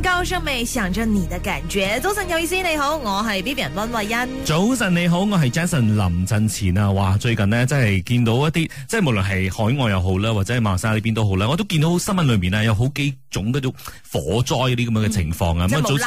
高勝美，想着你的感覺。早晨有意思，你好，我係 B B 人溫慧欣。早晨你好，我係 Jason 林振前啊。哇，最近咧，真係見到一啲，即係無論係海外又好啦，或者係馬沙呢邊都好啦，我都見到新聞裏面啊，有好幾。種嗰種火災嗰啲咁樣嘅情況啊，咁啊早前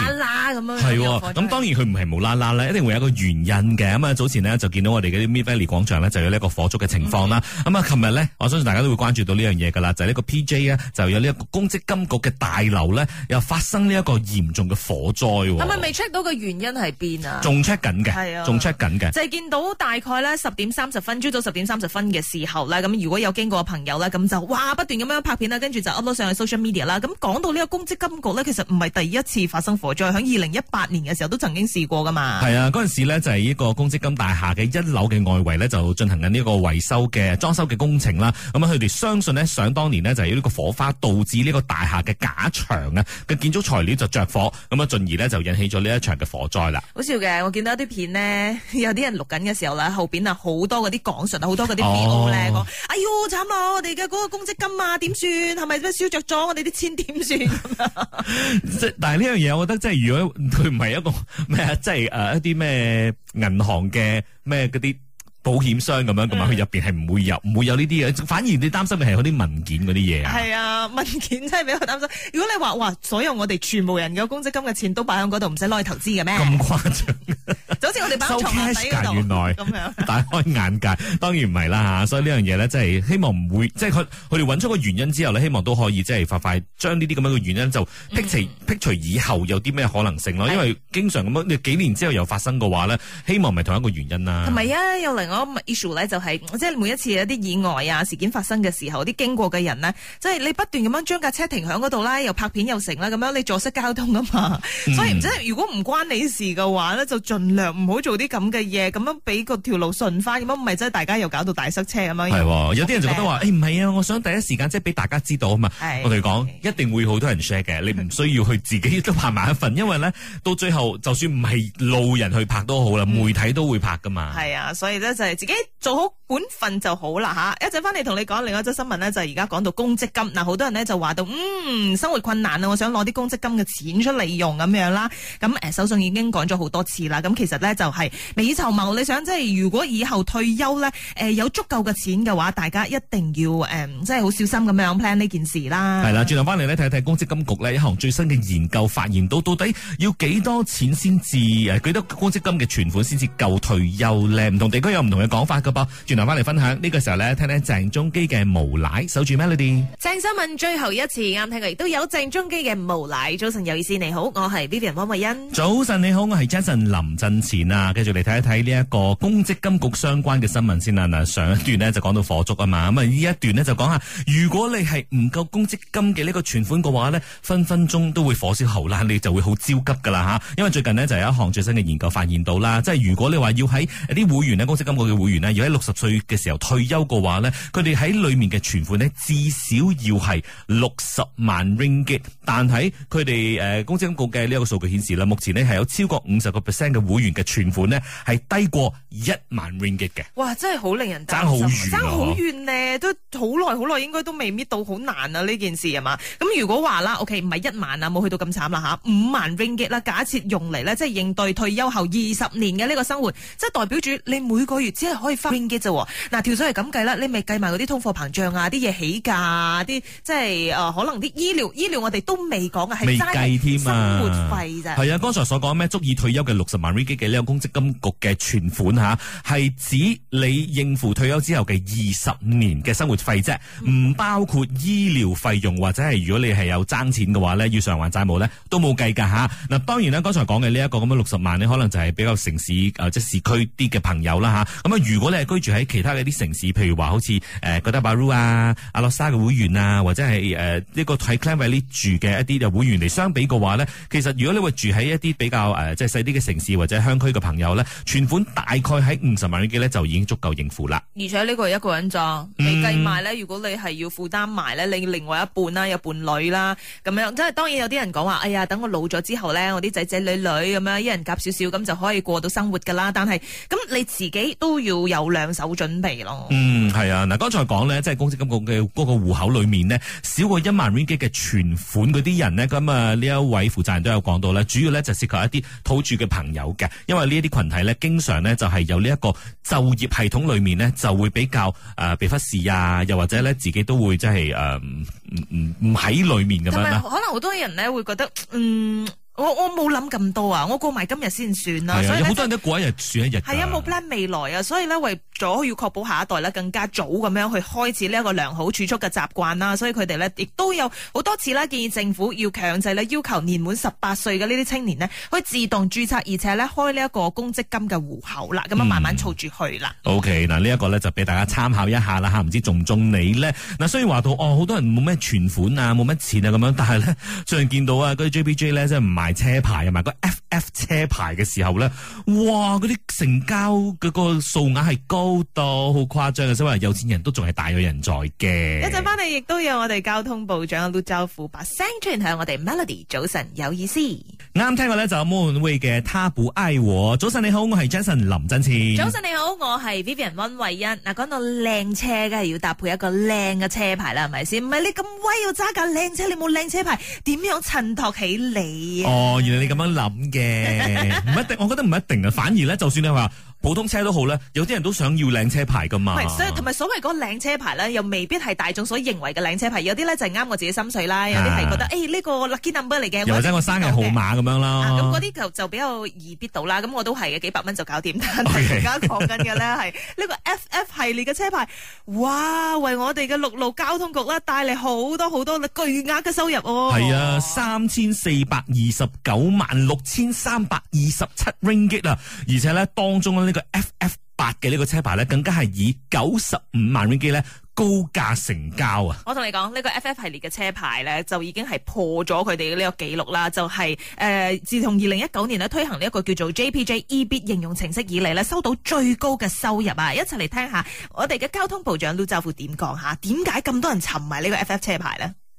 係，咁、嗯、當然佢唔係無啦啦咧，一定會有一個原因嘅。咁啊早前呢就見到我哋嘅啲 Mid Valley 廣場咧就有呢一個火燭嘅情況啦。咁啊、嗯，琴日呢，我相信大家都會關注到呢樣嘢噶啦，就呢、是、個 PJ 呢，就有呢一個公積金局嘅大樓呢，又發生呢一個嚴重嘅火災。咁咪未 check 到個原因係邊啊？仲 check 緊嘅，仲 check 緊嘅。嗯、就係見到大概呢，十點三十分，朝早十點三十分嘅時候咧，咁如果有經過嘅朋友呢，咁就哇不斷咁樣拍片啦，跟住就 upload 上去 social media 啦，講到呢個公積金局呢，其實唔係第一次發生火災，喺二零一八年嘅時候都曾經試過噶嘛。係啊，嗰陣時咧就係呢個公積金大廈嘅一樓嘅外圍呢，就進、是、行緊呢個維修嘅裝修嘅工程啦。咁啊，佢哋相信呢，想當年呢就係、是、呢個火花導致呢個大廈嘅假牆啊嘅建築材料就着火，咁啊進而呢就引起咗呢一場嘅火災啦。好笑嘅，我見到一啲片呢，有啲人錄緊嘅時候呢，後邊啊好多嗰啲港神、哦哎、啊，好多嗰啲 B O 咧講，哎喲慘啊，是是我哋嘅嗰個公積金啊點算？係咪咩燒着咗？我哋啲錢。點算咁，即但係呢樣嘢，我覺得即係如果佢唔係一個咩啊，即係誒一啲咩銀行嘅咩嗰啲保險箱咁樣，咁樣佢入邊係唔會有唔會有呢啲嘢。反而你擔心嘅係嗰啲文件嗰啲嘢啊。係啊，文件真係比較擔心。如果你話哇所有我哋全部人嘅公積金嘅錢都擺喺嗰度，唔使攞去投資嘅咩？咁誇張。 收 cash 噶，原來大樣 開眼界，當然唔係啦吓， 所以樣呢樣嘢咧，即、就、係、是、希望唔會，即係佢佢哋搵出個原因之後咧，希望都可以即係快快將呢啲咁樣嘅原因就辟除、嗯、辟除，以後有啲咩可能性咯。嗯、因為經常咁樣，你幾年之後又發生嘅話咧，嗯、希望唔係同一個原因啦。係咪啊？又另一個 issue 咧，就係即係每一次有啲意外啊、事件發生嘅時候，啲經過嘅人呢，即、就、係、是、你不斷咁樣將架車停喺嗰度啦，又拍片又成啦，咁樣你阻塞交通啊嘛，所以即係、就是嗯、如果唔關你事嘅話咧，就盡量。唔好做啲咁嘅嘢，咁樣俾個條路順翻，咁樣唔係即係大家又搞到大塞車咁樣。係、啊，有啲人就覺得話，誒唔係啊，我想第一時間即係俾大家知道啊嘛。是的 我哋講是的 一定會好多人 share 嘅，是的 你唔需要去自己都拍埋一份，是的 因為呢，到最後就算唔係路人去拍都好啦，是的 媒體都會拍噶嘛。係啊，所以呢，就係自己做好本分就好啦吓。一陣翻嚟同你講，另外一則新聞呢，就係而家講到公積金，嗱、呃，好多人呢就話到，嗯，生活困難啊，我想攞啲公積金嘅錢出嚟用咁樣啦。咁誒，首相已經講咗好多次啦，咁其實。咧就係未籌謀，你想即係如果以後退休咧，誒、呃、有足夠嘅錢嘅話，大家一定要誒、呃，即係好小心咁樣 plan 呢件事啦。係啦，轉頭翻嚟咧睇一睇公積金局呢。一項最新嘅研究發現，到到底要幾多錢先至誒，幾多公積金嘅存款先至夠退休咧？唔同地區有唔同嘅講法噶噃。轉頭翻嚟分享呢、這個時候咧，聽聽鄭中基嘅無賴」守住 melody。鄭新聞最後一次啱聽嚟，都有鄭中基嘅無賴」。早晨有意思，你好，我係 Vivian 汪慧欣。早晨你好，我係 Jason 林振。錢啊，繼續嚟睇一睇呢一個公積金局相關嘅新聞先啦。嗱，上一段呢就講到火燭啊嘛，咁啊呢一段呢就講下，如果你係唔夠公積金嘅呢個存款嘅話呢，分分鐘都會火燒喉啦，你就會好焦急噶啦吓。因為最近呢就有一項最新嘅研究發現到啦，即係如果你話要喺啲會員咧，公積金局嘅會員呢，要喺六十歲嘅時候退休嘅話呢，佢哋喺裏面嘅存款呢至少要係六十萬 ringgit，但係佢哋誒，公積金局嘅呢個數據顯示啦，目前呢係有超過五十個 percent 嘅會員。嘅存款呢，係低過一萬 ringgit 嘅。哇！真係好令人爭好遠、啊，爭好遠呢、啊，吧都好耐好耐，應該都未搣到，好難啊！呢件事係嘛？咁如果話啦，OK，唔係一萬啊，冇去到咁慘啦嚇。五萬 ringgit 啦，假設用嚟呢，即係應對退休後二十年嘅呢個生活，即係代表住你每個月只係可以翻 ringgit 啫喎、啊。嗱、啊，條數係咁計啦，你未計埋嗰啲通貨膨脹啊，啲嘢起價啊，啲即係誒、呃、可能啲醫療醫療我哋都未講嘅係生活費咋。係啊，剛、啊、才所講咩足以退休嘅六十萬 ringgit。你呢個公積金局嘅存款嚇，係指你應付退休之後嘅二十年嘅生活費啫，唔包括醫療費用或者係如果你係有爭錢嘅話咧，要償還債務咧都冇計㗎嚇。嗱，當然咧，剛才講嘅呢一個咁樣六十萬咧，可能就係比較城市即係市區啲嘅朋友啦嚇。咁啊，如果你係居住喺其他嘅啲城市，譬如話好似誒格拉巴魯啊、阿洛沙嘅會員啊，或者係誒呢個喺 Klang Valley 住嘅一啲嘅會員嚟相比嘅話呢，其實如果你會住喺一啲比較誒即係細啲嘅城市或者區嘅朋友咧，存款大概喺五十萬 ringgit 咧，就已經足夠應付啦。而且呢個係一個人做，你計埋咧，如果你係要負擔埋咧，你另外一半啦，有伴侶啦，咁樣，即係當然有啲人講話，哎呀，等我老咗之後咧，我啲仔仔女女咁樣，一人夾少少，咁就可以過到生活噶啦。但係咁你自己都要有兩手準備咯。嗯，係啊，嗱，剛才講咧，即係公積金局嘅嗰個戶口裏面呢，少過一萬 ringgit 嘅存款嗰啲人呢。咁啊，呢一位負責人都有講到啦，主要咧就涉及一啲土著嘅朋友嘅。因為呢一啲群體咧，經常咧就係有呢一個就業系統裏面咧，就會比較誒、呃、被忽視啊，又或者咧自己都會即係誒唔唔唔喺裏面咁樣。可能好多人咧會覺得，嗯，我我冇諗咁多啊，我過埋今日先算啦。的所以有好多人都過一日算一日。係啊，冇 plan 未來啊，所以咧為。咗要確保下一代咧更加早咁樣去開始呢一個良好儲蓄嘅習慣啦，所以佢哋咧亦都有好多次啦建議政府要強制咧要求年滿十八歲嘅呢啲青年呢可以自動註冊，而且咧開呢一個公積金嘅戶口啦，咁樣慢慢儲住去啦。O K，嗱呢一個咧就俾大家參考一下啦嚇，唔知仲唔中你咧？嗱雖然話到哦，好多人冇咩存款啊，冇咩錢啊咁樣，但係咧雖然見到啊嗰啲 J P J 咧即係唔賣車牌，又賣個 F F 車牌嘅時候咧，哇嗰啲成交嗰個數額係高。報道好誇張啊！所以話有錢人都仲係大有人在嘅。一陣翻嚟，亦都有我哋交通部長陸兆福把聲出現響我哋 Melody 早晨，有意思。啱聽嘅咧就有莫文蔚嘅他不愛我。早晨你好，我係 Jason 林振前。早晨你好，我係 Vivian 溫慧欣。嗱、啊、講到靚車，梗係要搭配一個靚嘅車牌啦，係咪先？唔係你咁威要揸架靚車，你冇靚車牌，點樣襯托起你啊？哦，原來你咁樣諗嘅，唔 一定。我覺得唔一定啊，反而咧，就算你話。普通車都好啦，有啲人都想要靚車牌㗎嘛。所以同埋所謂嗰靚車牌咧，又未必係大眾所認為嘅靚車牌。有啲咧就係、是、啱我自己心水啦，有啲係覺得誒呢的、欸這個 lucky number 嚟嘅，由得我生日號碼咁樣啦。咁嗰啲就就比較易必到啦。咁我都係嘅，幾百蚊就搞掂。但係而家講緊嘅咧係呢 個 FF 系列嘅車牌，哇！為我哋嘅陸路交通局啦帶嚟好多好多巨額嘅收入。係、哦、啊，三千四百二十九萬六千三百二十七 Ringgit 啊！而且咧當中呢這個 FF 八嘅呢個車牌咧，更加係以九十五萬蚊機咧高價成交啊，嗯！我同你講，呢、這個 FF 系列嘅車牌咧，就已經係破咗佢哋嘅呢個記錄啦。就係、是、誒、呃，自從二零一九年咧推行呢一個叫做 JPJEB 應用程式以嚟咧，收到最高嘅收入啊！一齊嚟聽下我哋嘅交通部長陸兆福點講吓？點解咁多人沉迷呢個 FF 車牌咧？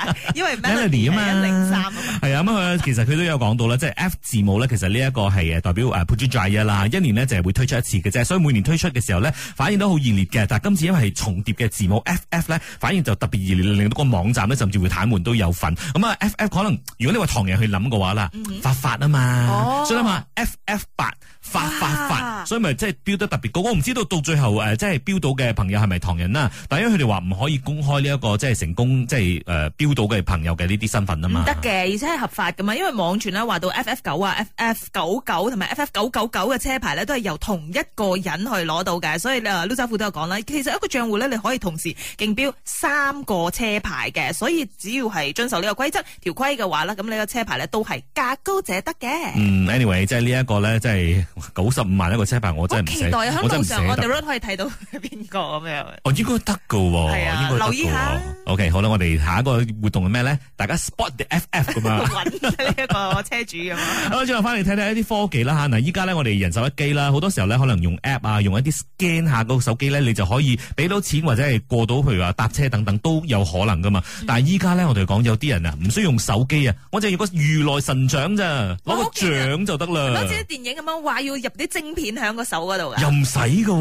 因為 Melody 啊嘛，係啊咁啊，其實佢都有講到啦，即、就、係、是、F 字母咧，其實呢一個係誒代表誒 Put y o Dry 啦，一年呢，就係會推出一次嘅啫，所以每年推出嘅時候咧，反應都好熱烈嘅。但係今次因為係重疊嘅字母 FF 咧， 反應就特別熱烈，令到個網站咧甚至會癱瘓都有份。咁啊，FF 可能如果你話唐人去諗嘅話啦，嗯、哼發發啊嘛，哦、所以啊嘛，FF 白因為即係標得特別高，我唔知道到最後誒，即係標到嘅朋友係咪唐人啦？但因為佢哋話唔可以公開呢一個即係成功即係誒標到嘅朋友嘅呢啲身份啊嘛。唔得嘅，而且係合法噶嘛，因為網傳咧話到 F F 九啊、F F 九九同埋 F F 九九九嘅車牌咧都係由同一個人去攞到嘅，所以誒盧澤富都有講啦。其實一個賬戶咧你可以同時競標三個車牌嘅，所以只要係遵守呢個規則條規嘅話咧，咁你個車牌咧都係價高者得嘅。嗯，anyway，即係呢一個咧，即係九十五萬一個車牌。好期待喺香港上我哋都可以睇到邊個咁樣。哦，應該得㗎喎。啊、應該留意下。OK，好啦，我哋下一個活動係咩咧？大家 spot the FF 咁樣。揾呢一個車主咁樣。 好，再翻嚟睇睇一啲科技啦嗱，依家咧我哋人手一機啦，好多時候呢，可能用 app 啊，用一啲 scan 下個手機咧，你就可以俾到錢或者係過到，譬如話搭車等等都有可能㗎嘛。嗯、但係依家咧我哋講有啲人啊，唔需要用手機啊，我淨係要個如來神掌咋，攞個掌就得啦。好似啲電影咁樣話要入啲正片晶片響。個手嗰度任使噶，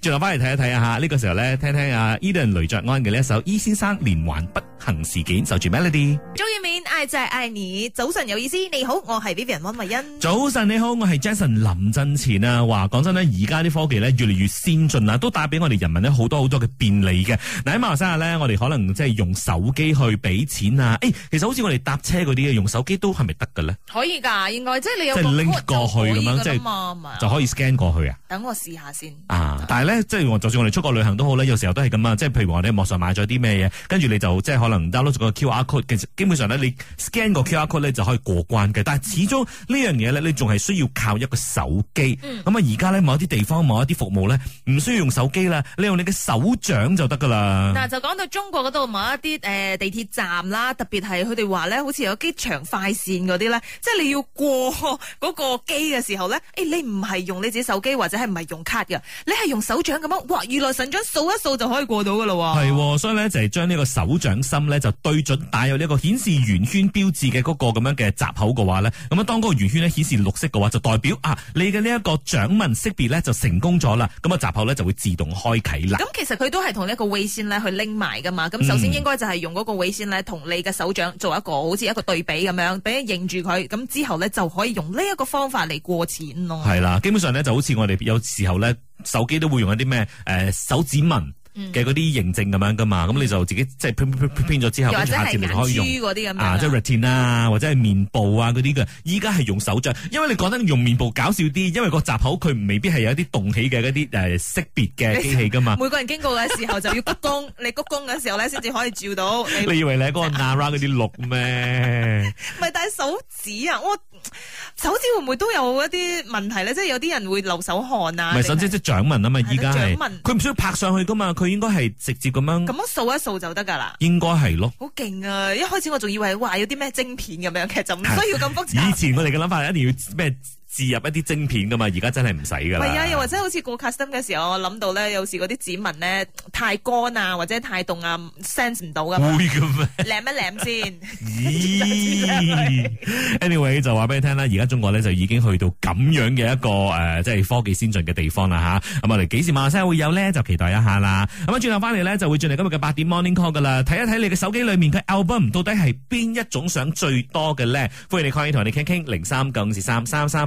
轉頭翻嚟睇一睇啊！吓呢 Okay.、這個時候咧，聽聽阿、啊、Eden 雷卓安嘅呢一首《伊、e、先生連環不幸事件》就住 melody。鍾意面愛就係愛你，早晨有意思，你好，我係 Vivian 溫慧欣。早晨你好，我係 Jason 林振前啊！話講真呢，而家啲科技咧越嚟越先進啊，都帶俾我哋人民呢好多好多嘅便利嘅。嗱，喺馬來西亞咧，我哋可能即係用手機去俾錢啊！誒、欸，其實好似我哋搭車嗰啲，用手機都係咪得嘅咧？可以噶，應該即係你有拎過去咁樣，即就可以。就是就可以 scan 過去啊！等我試下先啊！但係咧，即係就算我哋出國旅行都好咧，有時候都係咁啊！即係譬如話，你喺網上買咗啲咩嘢，跟住你就即係可能 download 個 QR code，基本上咧，你 scan 個 QR code 咧就可以過關嘅。但係始終呢樣嘢咧，你仲係需要靠一個手機。咁啊、嗯，而家咧某一啲地方，某一啲服務咧，唔需要用手機啦，你用你嘅手掌就得㗎啦。嗱，就講到中國嗰度某一啲、呃、地鐵站啦，特別係佢哋話咧，好似有機場快線嗰啲咧，即係你要過嗰個機嘅時候咧、欸，你唔係。用你自己手機或者係唔係用卡嘅？你係用手掌咁樣，哇！如來神掌掃一掃就可以過到噶啦。係、哦，所以咧就係將呢個手掌心咧就對準帶有呢個顯示圓圈標誌嘅嗰個咁樣嘅閘口嘅話咧，咁樣當嗰個圓圈咧顯示綠色嘅話，就代表啊，你嘅呢一個掌紋識別咧就成功咗啦。咁啊個閘口咧就會自動開啟啦。咁其實佢都係同呢一個位線咧去拎埋噶嘛。咁首先應該就係用嗰個位線咧同你嘅手掌做一個好似一個對比咁樣，俾你認住佢。咁之後咧就可以用呢一個方法嚟過錢咯。係啦。基本上咧就好似我哋有時候咧，手機都會用一啲咩誒手指紋嘅嗰啲認證咁樣噶嘛，咁、嗯、你就自己即係編編咗之後，再下次你可以用。啊，即係 retina 啊，或者係面部啊嗰啲嘅，依家係用手掌，因為你覺得用面部搞笑啲，因為個閘口佢未必係有一啲動起嘅嗰啲誒識別嘅機器噶嘛。每個人經過嘅時候就要鞠躬， 你鞠躬嘅時候咧先至可以照到你。你以為你嗰個 Nara 嗰啲綠咩？唔係帶 手指啊，我。手指會唔會都有一啲問題咧？即係有啲人會流手汗啊。唔係手指即係掌紋啊嘛，依家係掌紋，佢唔需要拍上去噶嘛，佢應該係直接咁樣咁樣掃一掃就得噶啦。應該係咯，好勁啊！一開始我仲以為哇，有啲咩晶片咁樣，其實就唔需要咁複雜。以前我哋嘅諗法係一定要咩？ 置入一啲晶片噶嘛，而家真係唔使噶啦。係啊，又或者好似過 custom 嘅時候，我諗到咧，有時嗰啲指紋咧太乾啊，或者太凍啊，sense 唔到噶。會噶咩？舐一舐先。Anyway，就話俾你聽啦，而家中國咧就已經去到咁樣嘅一個誒，即係科技先進嘅地方啦吓。咁我哋幾時馬來西亞會有咧，就期待一下啦。咁啊，轉頭翻嚟咧，就會進入今日嘅八點 Morning Call 噶啦。睇一睇你嘅手機裏面佢 album，到底係邊一種相最多嘅咧？歡迎你鄺姨同我哋傾傾零三九五三三三